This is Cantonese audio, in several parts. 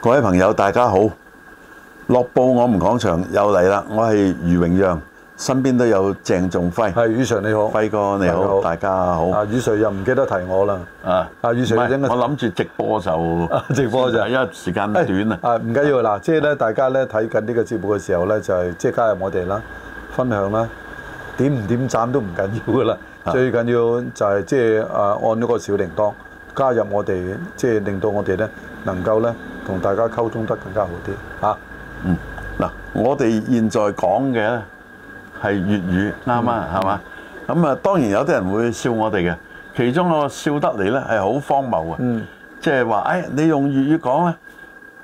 各位朋友，大家好！樂報我們講場，又嚟啦！我係余榮讓，身邊都有鄭仲輝。係，余 Sir 你好，輝哥你好，好，大家好。余、啊、Sir 又唔記得提我啦。啊啊余 Sir、啊，我諗住直播就直播就，啊、直播就 因為時間短、哎、啊。啊唔緊要啦，即係咧，大家咧睇緊呢、啊、個節目嘅時候咧，就係即係加入我哋啦、啊，分享啦，點唔點贊都唔緊要噶啦、啊，最緊要就係即係啊按咗個小鈴鐺加入我哋，即係令到我哋咧能夠咧。同大家溝通得更加好啲嚇、啊，嗯嗱，我哋現在講嘅係粵語啱啊，係嘛？咁、嗯、啊，當然有啲人會笑我哋嘅，其中我笑得嚟咧係好荒謬嘅，嗯，即係話誒，你用粵語講咧，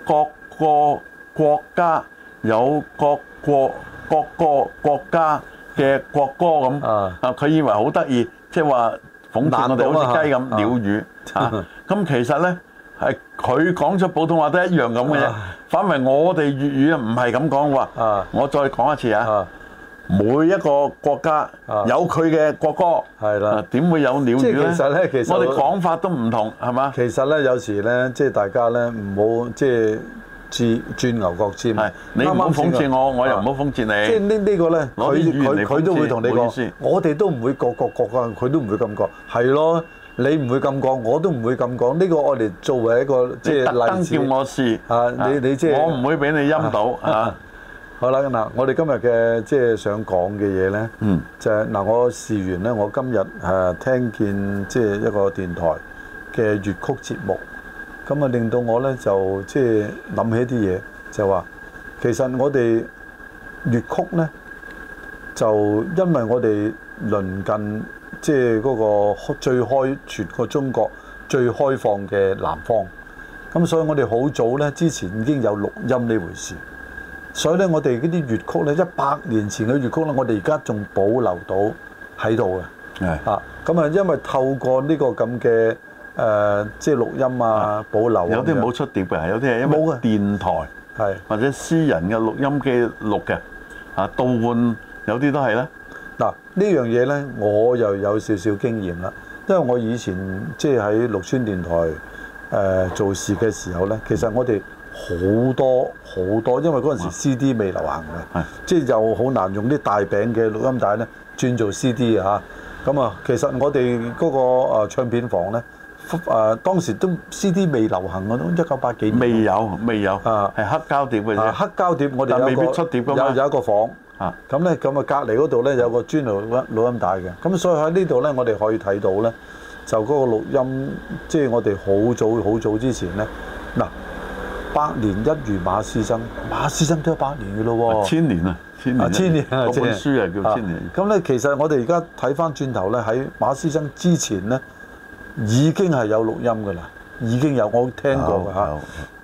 各個國家有各國各個國家嘅國歌咁啊，啊，佢以為、就是、好得意，即係話諷刺我哋好似雞咁鳥語啊，咁 其實咧。誒佢講出普通話都一樣咁嘅啫，反為我哋粵語啊唔係咁講喎。我再講一次啊，每一個國家有佢嘅國歌，係啦，點會有鳥語？其實咧，其實，其實我哋講法都唔同，係嘛？其實咧，有時咧，即係大家咧唔好即係轉轉牛角尖。你唔好諷刺我，我又唔好諷刺你。啊、即係呢呢個咧，佢佢都會同你講，我哋都唔會各各各噶，佢都唔會咁講，係咯。你唔會咁講，我都唔會咁講。呢個我哋作為一個即係例子。特登叫我試啊！你你即係我唔會俾你陰到啊，啊！好啦，嗱，我哋今日嘅即係想講嘅嘢咧，嗯，就係，嗱，我試完咧，我今日誒聽見即係一個電台嘅粵曲節目，咁啊令到我咧就即係諗起啲嘢，就話其實我哋粵曲咧就因為我哋鄰近。即係嗰個最開全個中國、最開放嘅南方，咁所以我哋好早呢之前已經有錄音呢回事，所以呢，我哋嗰啲粵曲呢，一百年前嘅粵曲呢，我哋而家仲保留到喺度嘅。係啊，咁啊，因為透過呢個咁嘅誒，即、呃、係、就是、錄音啊，保留。有啲冇出碟嘅，有啲係冇嘅電台，係或者私人嘅錄音機錄嘅，啊倒換有啲都係呢。呢樣嘢呢，我又有少少經驗啦。因為我以前即係喺綠邨電台誒、呃、做事嘅時候呢，其實我哋好多好多，因為嗰陣時 CD 未流行嘅，即係又好難用啲大餅嘅錄音帶呢轉做 CD 啊。咁啊，其實我哋嗰個唱片房呢，誒、呃、當時都 CD 未流行嗰一九八幾年未有未有啊，係黑膠碟嘅啫、啊。黑膠碟，我哋未必出碟有個有有一個房。啊，咁咧，咁啊，隔離嗰度咧有個專道錄錄音帶嘅，咁所以喺呢度咧，我哋可以睇到咧，就嗰個錄音，即係我哋好早好早之前咧，嗱，百年一遇馬師生，馬師生都有百年嘅咯喎，千年啊，千年啊，啊，千年，即係，啊，咁咧，其實我哋而家睇翻轉頭咧，喺馬師生之前咧，已經係有錄音㗎啦，已經有我聽過嘅。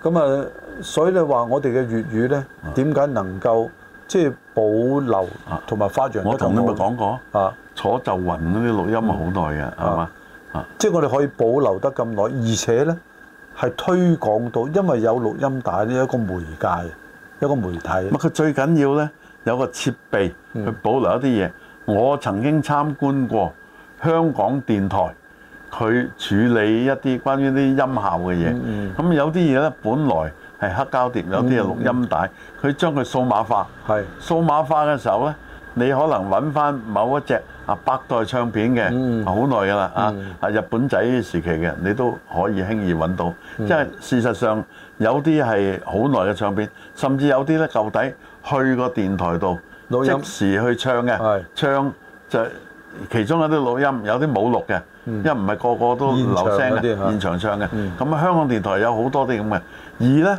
咁啊，啊，啊，所以你話我哋嘅粵語咧，點解能夠即係？啊啊保留同埋花樣，我同你咪講過啊！坐就雲嗰啲錄音咪好耐嘅，係、嗯、嘛？啊，即係我哋可以保留得咁耐，而且呢，係推廣到，因為有錄音帶呢一個媒介，一個媒體。佢最緊要呢，有個設備去保留一啲嘢，嗯。我曾經參觀過香港電台，佢處理一啲關於啲音效嘅嘢。咁、嗯嗯、有啲嘢呢，本來係黑膠碟，有啲係錄音帶，佢將佢數碼化。係數碼化嘅時候咧，你可能揾翻某一隻啊百代唱片嘅，好耐㗎啦啊，係日本仔時期嘅，你都可以輕易揾到。即係事實上，有啲係好耐嘅唱片，甚至有啲咧舊底去個電台度錄音，即時去唱嘅，唱就其中一啲錄音，有啲冇錄嘅，因為唔係個個都留聲嘅，現場唱嘅。咁啊，香港電台有好多啲咁嘅。二咧。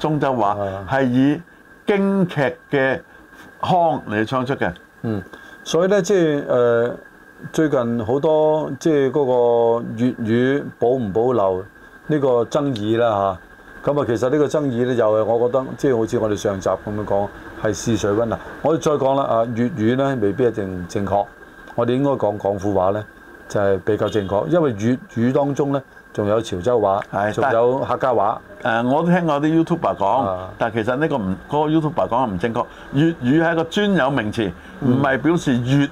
中州話係以京劇嘅腔嚟唱出嘅，嗯，所以咧即係誒最近好多即係嗰個粵語保唔保留呢個爭議啦嚇，咁啊其實呢個爭議咧就係我覺得即係好似我哋上集咁樣講係試水溫啊，我哋再講啦啊粵語咧未必一定正確，我哋應該講廣府話咧就係比較正確，因為粵語當中咧。仲有潮州話，係，仲有客家話。誒、呃，我都聽過啲 YouTuber 講、啊，但係其實呢個唔，嗰、那個、YouTuber 講係唔正確。粵語係一個專有名詞，唔、嗯、係表示粵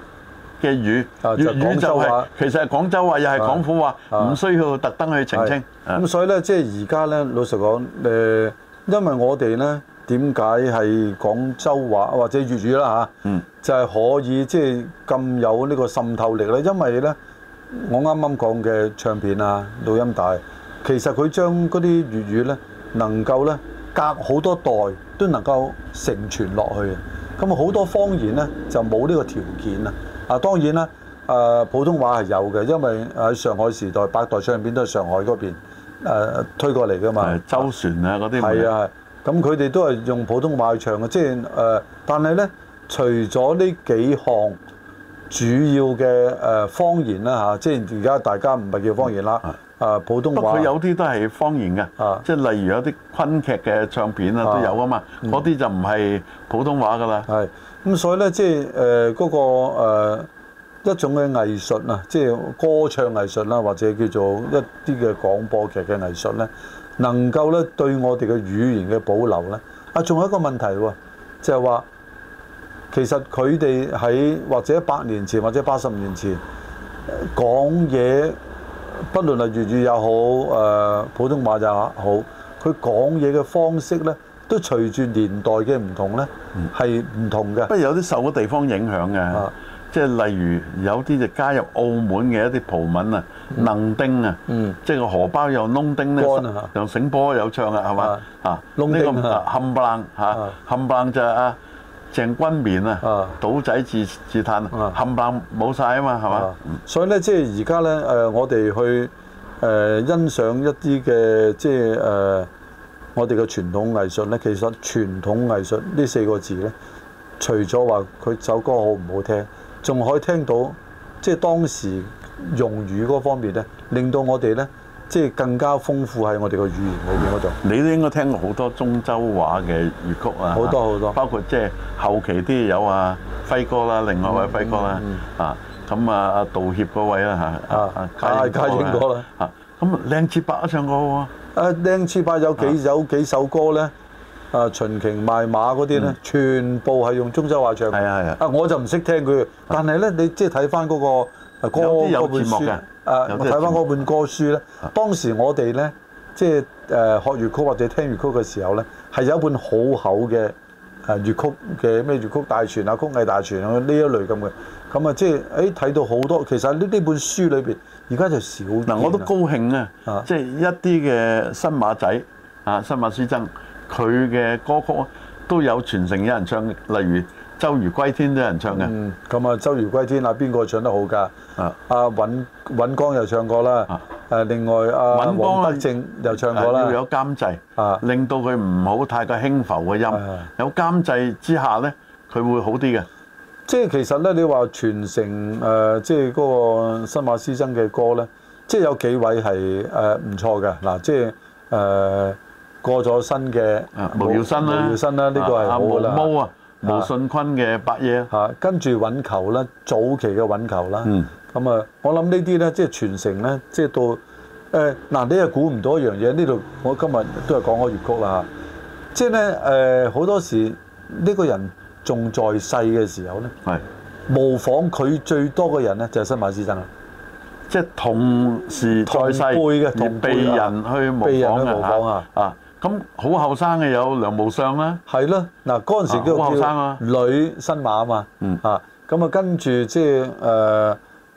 嘅語、嗯。粵，粵語、就係、就係其實係廣州話，又係廣府話，唔、啊、需要特登去澄清。咁、啊啊啊、所以咧，即係而家咧，老實講，誒、呃，因為我哋咧點解係廣州話或者粵語啦嚇、啊嗯，就係、是、可以即係咁有呢個滲透力咧，因為咧。我啱啱講嘅唱片啊、錄音帶，其實佢將嗰啲粵語呢能夠呢隔好多代都能夠承傳落去。咁好多方言呢就冇呢個條件啊。啊，當然啦，誒、啊、普通話係有嘅，因為喺上海時代百代唱片都係上海嗰邊、啊、推過嚟㗎嘛是。周旋啊，嗰啲係啊。咁佢哋都係用普通話去唱嘅，即係、啊、但係呢，除咗呢幾項。主要嘅誒方言啦嚇，即係而家大家唔係叫方言啦，啊，普通話。不過佢有啲都係方言嘅，啊即係例如有啲昆劇嘅唱片啊都有啊嘛，嗰啲就唔係普通話噶啦。係，咁所以咧、那個，即係誒嗰個誒一種嘅藝術啊，即、就、係、是、歌唱藝術啦，或者叫做一啲嘅廣播劇嘅藝術咧，能夠咧對我哋嘅語言嘅保留咧，啊，仲有一個問題，喎、就是，就係話。其實佢哋喺或者一百年前或者八十年前講嘢，不論係粵語又好，誒普通話又好，佢講嘢嘅方式咧，都隨住年代嘅唔同咧，係唔同嘅。不過有啲受個地方影響嘅、啊，即係例如有啲就加入澳門嘅一啲葡文啊、嗯、能丁啊，嗯、即係個荷包有窿丁咧，有醒、啊、波有唱啊，係嘛啊？呢個冚唪唥，嚇，冚唪唥就啊～鄭君綿啊，賭、啊、仔自自嘆、啊，冚棒冇晒啊嘛，係、啊、嘛？所以咧，即係而家咧，誒，我哋去誒欣賞一啲嘅，即係誒，我哋嘅傳統藝術咧，其實傳統藝術呢四個字咧，除咗話佢首歌好唔好聽，仲可以聽到即係當時用語嗰方面咧，令到我哋咧。即係更加豐富喺我哋個語言裏邊嗰度。你都應該聽過好多中州話嘅粵曲啊，好多好多，包括即係後期啲有啊輝哥啦，另外一位輝哥啦、嗯嗯嗯、啊，咁啊道歉嗰位啦嚇啊啊嘉英哥啦啊，咁、啊、靚、啊啊啊啊、次伯唱歌喎、啊，啊靚次伯有幾首、啊、幾首歌咧啊，秦瓊賣馬嗰啲咧，全部係用中州話唱。係啊係啊，啊我就唔識聽佢、啊，但係咧你即係睇翻嗰個。啊歌嗰本書，誒睇翻嗰本歌書咧，當時我哋咧，即係誒學粵曲或者聽粵曲嘅時候咧，係有一本好厚嘅誒粵曲嘅咩粵曲大全啊、曲藝大全啊呢一類咁嘅，咁啊即係誒睇到好多，其實呢呢本書裏邊，而家就少。嗱、嗯，我都高興啊，即係、就是、一啲嘅新馬仔啊，新馬師曾佢嘅歌曲。都有傳承有人唱的，例如《周瑜歸天》都有人唱嘅。咁、嗯、啊，《周瑜歸天》啊，邊個唱得好㗎？啊，阿尹尹光又唱過啦。啊，另外阿、啊、光、啊、王德正又唱過啦。要有監制啊，令到佢唔好太過輕浮嘅音的。有監制之下呢，佢會好啲嘅。即係其實呢，你話傳承誒，即係嗰個新馬師曾嘅歌呢，即係有幾位係誒唔錯嘅嗱、呃，即係誒。呃過咗身嘅毛耀新啦，呢個係好嘅啦。毛啊，毛信、啊啊啊這個啊啊啊、坤嘅伯爺啊。跟住揾球啦、啊，早期嘅揾球啦、啊。嗯。咁啊，我諗呢啲咧，即係傳承咧，即係到誒嗱，你又估唔到一樣嘢。呢度我今日都係講開粵曲啦。嚇，即係咧誒，好多時呢個人仲在世嘅時候咧，係模仿佢最多嘅人咧，就係新馬師曾。即係同時在世嘅同輩嘅、啊、同輩、啊人，去啊、人去模仿啊！啊！咁好後生嘅有梁無相啦，係咯嗱，嗰陣時叫做啊，女新馬啊嘛，啊咁啊，啊就跟住即係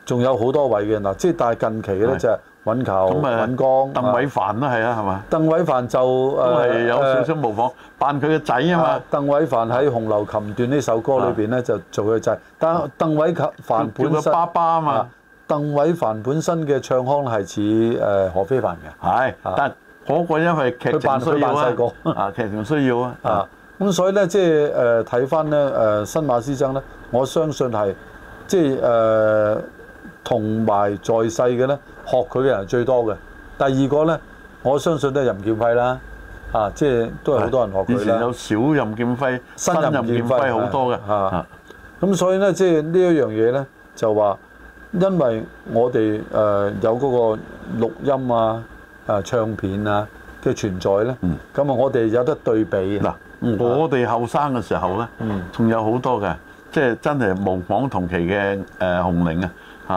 仲有好多位嘅嗱，即係但係近期咧就揾球揾江？鄧偉凡啦，係啊，係嘛、啊？鄧偉凡就係有少少模仿，啊、扮佢嘅仔啊嘛。鄧、啊、偉凡喺《紅樓琴段》呢首歌裏面咧就做佢仔，但鄧偉凡本身爸爸啊嘛，鄧、啊、偉凡本身嘅唱腔係似何非凡嘅，係嗰、那個因為劇情需要啊，啊，啊劇情需要啊，啊咁所以咧，即係誒睇翻咧，誒、呃呃、新馬師生咧，我相信係即係誒同埋在世嘅咧，學佢嘅人最多嘅。第二個咧，我相信都係任劍輝啦，啊即係、就是、都係好多人學佢以前有少任劍輝，新任劍輝好多嘅。啊，咁、啊、所以咧，即係呢一樣嘢咧，就話、是、因為我哋誒、呃、有嗰個錄音啊。啊唱片啊嘅存在咧，咁啊我哋有得對比嗱，我哋後生嘅時候咧，仲有好多嘅，即係真係模仿同期嘅誒紅伶啊嚇，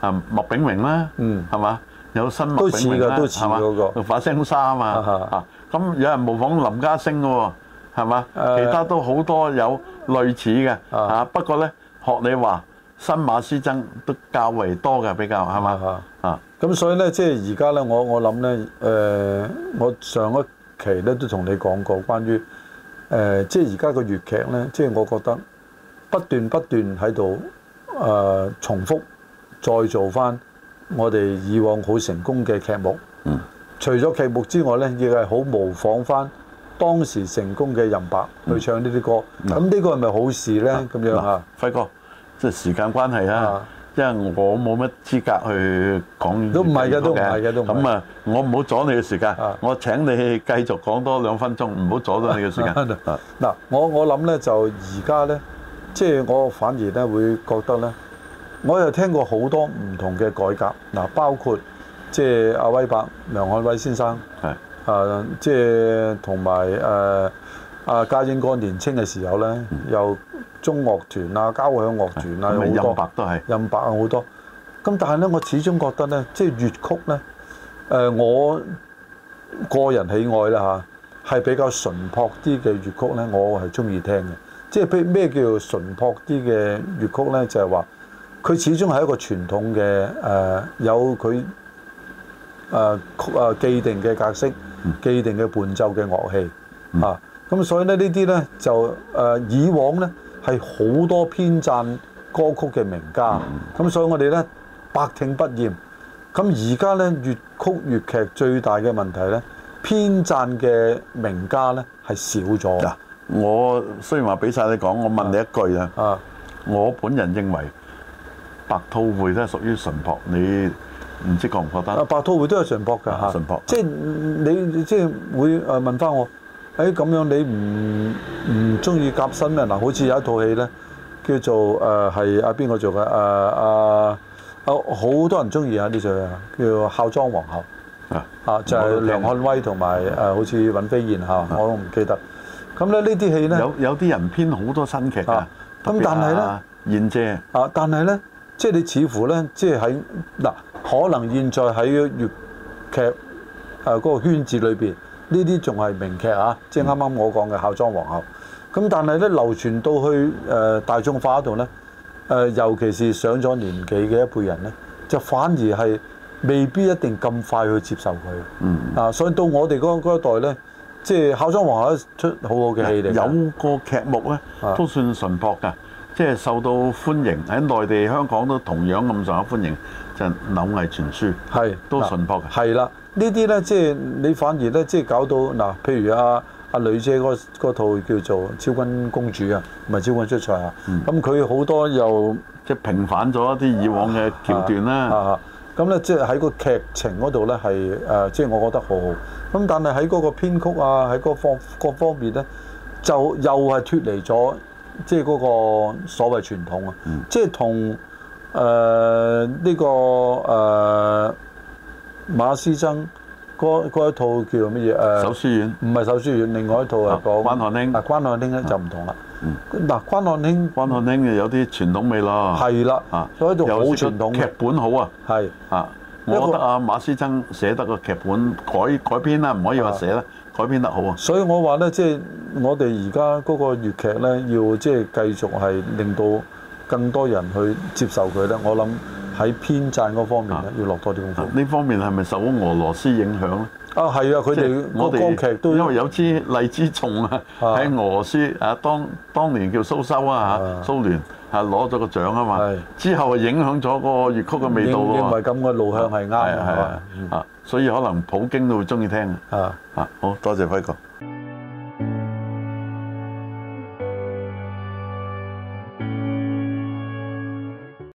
啊麥炳榮啦，都似嘅都似，係嘛，有新麥炳榮啦，係嘛嗰個化青衫啊嘛嚇，咁有人模仿林家聲嘅喎，係嘛，其他都好多有類似嘅嚇，不過咧學你話。新馬師曾都較為多嘅比較係嘛啊？咁所以呢，即係而家呢，我我諗呢，誒、呃，我上一期呢，都同你講過關於誒、呃，即係而家個粵劇呢。即係我覺得不斷不斷喺度誒重複再做翻我哋以往好成功嘅劇目。嗯、除咗劇目之外呢，亦係好模仿翻當時成功嘅任白去唱呢啲歌。咁、嗯、呢、嗯、個係咪好事呢？咁、啊、樣啊，輝哥。即係時間關係啦，啊，因為我冇乜資格去講英國嘅。都唔係嘅。都唔係嘅。咁啊，我唔好阻你嘅時間。啊、我請你繼續講多兩分鐘，唔好阻到你嘅時間。嗱，我我諗咧就而家咧，即係我反而咧會覺得咧，我又聽過好多唔同嘅改革。嗱，包括即係阿威伯、梁漢威先生，係啊，即係同埋誒阿家英哥年青嘅時候咧，又。中樂團啊、交響樂團啊好多，任白都係任白啊好多。咁但係咧，我始終覺得咧，即係粵曲咧，誒、呃、我個人喜愛啦嚇，係、啊、比較純樸啲嘅粵曲咧，我係中意聽嘅。即係譬如咩叫做純樸啲嘅粵曲咧，就係話佢始終係一個傳統嘅誒、呃，有佢誒曲啊既定嘅格式、嗯、既定嘅伴奏嘅樂器啊。咁、嗯嗯、所以咧呢啲咧就誒、呃、以往咧。係好多編撰歌曲嘅名家，咁、嗯、所以我哋咧百聽不厭。咁而家咧粵曲粵劇最大嘅問題咧，編撰嘅名家咧係少咗。嗱、啊，我雖然話俾晒你講，我問你一句啊。啊，我本人認為白兔會都係屬於純樸，你唔知覺唔覺得？啊，白兔會都有純樸㗎，純樸、啊。即係你即係會誒、呃、問翻我。咁、哎、樣你唔唔中意夾新咩？嗱，好似有一套戲咧，叫做係阿邊個做嘅？誒、呃、好、呃呃、多人中意啊呢出嘅，叫孝莊皇后。啊、嗯、啊，就係、是、梁漢威同埋、嗯啊、好似尹飛燕吓、啊嗯、我都唔記得。咁咧呢啲戲咧，有有啲人編好多新劇啊。咁但係咧，燕姐啊，但係咧，即係、啊就是、你似乎咧，即係喺嗱，可能現在喺粵劇嗰個圈子裏邊。呢啲仲係名劇啊！即係啱啱我講嘅《孝莊皇后》，嗯但是。咁但係咧流傳到去誒、呃、大眾化度咧，誒、呃、尤其是上咗年紀嘅一輩人咧，就反而係未必一定咁快去接受佢。嗯，嗯。啊，所以到我哋嗰一代咧，即係《孝莊皇后出很好的的》出好好嘅戲。有個劇目咧，都算淳樸㗎，啊、即係受到歡迎喺內地、香港都同樣咁受歡迎，就係《柳毅傳書》。係。都淳樸。係啦。呢啲呢，即係你反而呢，即係搞到嗱，譬如阿阿女姐嗰套叫做《昭君公主》啊，唔係《昭君出塞》啊，咁佢好多又即係平反咗一啲以往嘅橋段啦。咁呢，即係喺個劇情嗰度呢，係誒，即係我覺得好好。咁但係喺嗰個編曲啊，喺嗰方各方面呢，就又係脫離咗即係嗰個所謂傳統啊。即係同誒呢個誒。呃馬師曾嗰一套叫乜嘢？誒，手書院唔係手書院，另外一套係、那個、啊。講關漢卿。嗱，關漢卿咧就唔同啦。嗯，嗱、啊，關漢卿，關漢卿就有啲傳統味咯。係啦，啊，所以就好傳統。劇本好啊。係啊，我覺得啊，馬師曾寫得個劇本改改編啦、啊，唔可以話寫啦、啊，改編得好啊。所以我話咧，即、就、係、係、我哋而家嗰個粵劇咧，要即係繼續係令到更多人去接受佢咧，我諗。喺編撰嗰方面咧，要落多啲功夫。呢、啊、方面係咪受俄羅斯影響咧？啊，係啊，佢哋、就是、我哋都因為有支荔枝頌啊，喺、啊、俄羅斯啊，當當年叫蘇修啊，蘇、啊、聯，啊攞咗個獎啊嘛、啊，之後啊影響咗個粵曲嘅味道喎、啊。唔係咁嘅路向係啱嘅，啊，啊，啊、嗯，所以可能普京都會中意聽啊。啊，好多謝輝哥。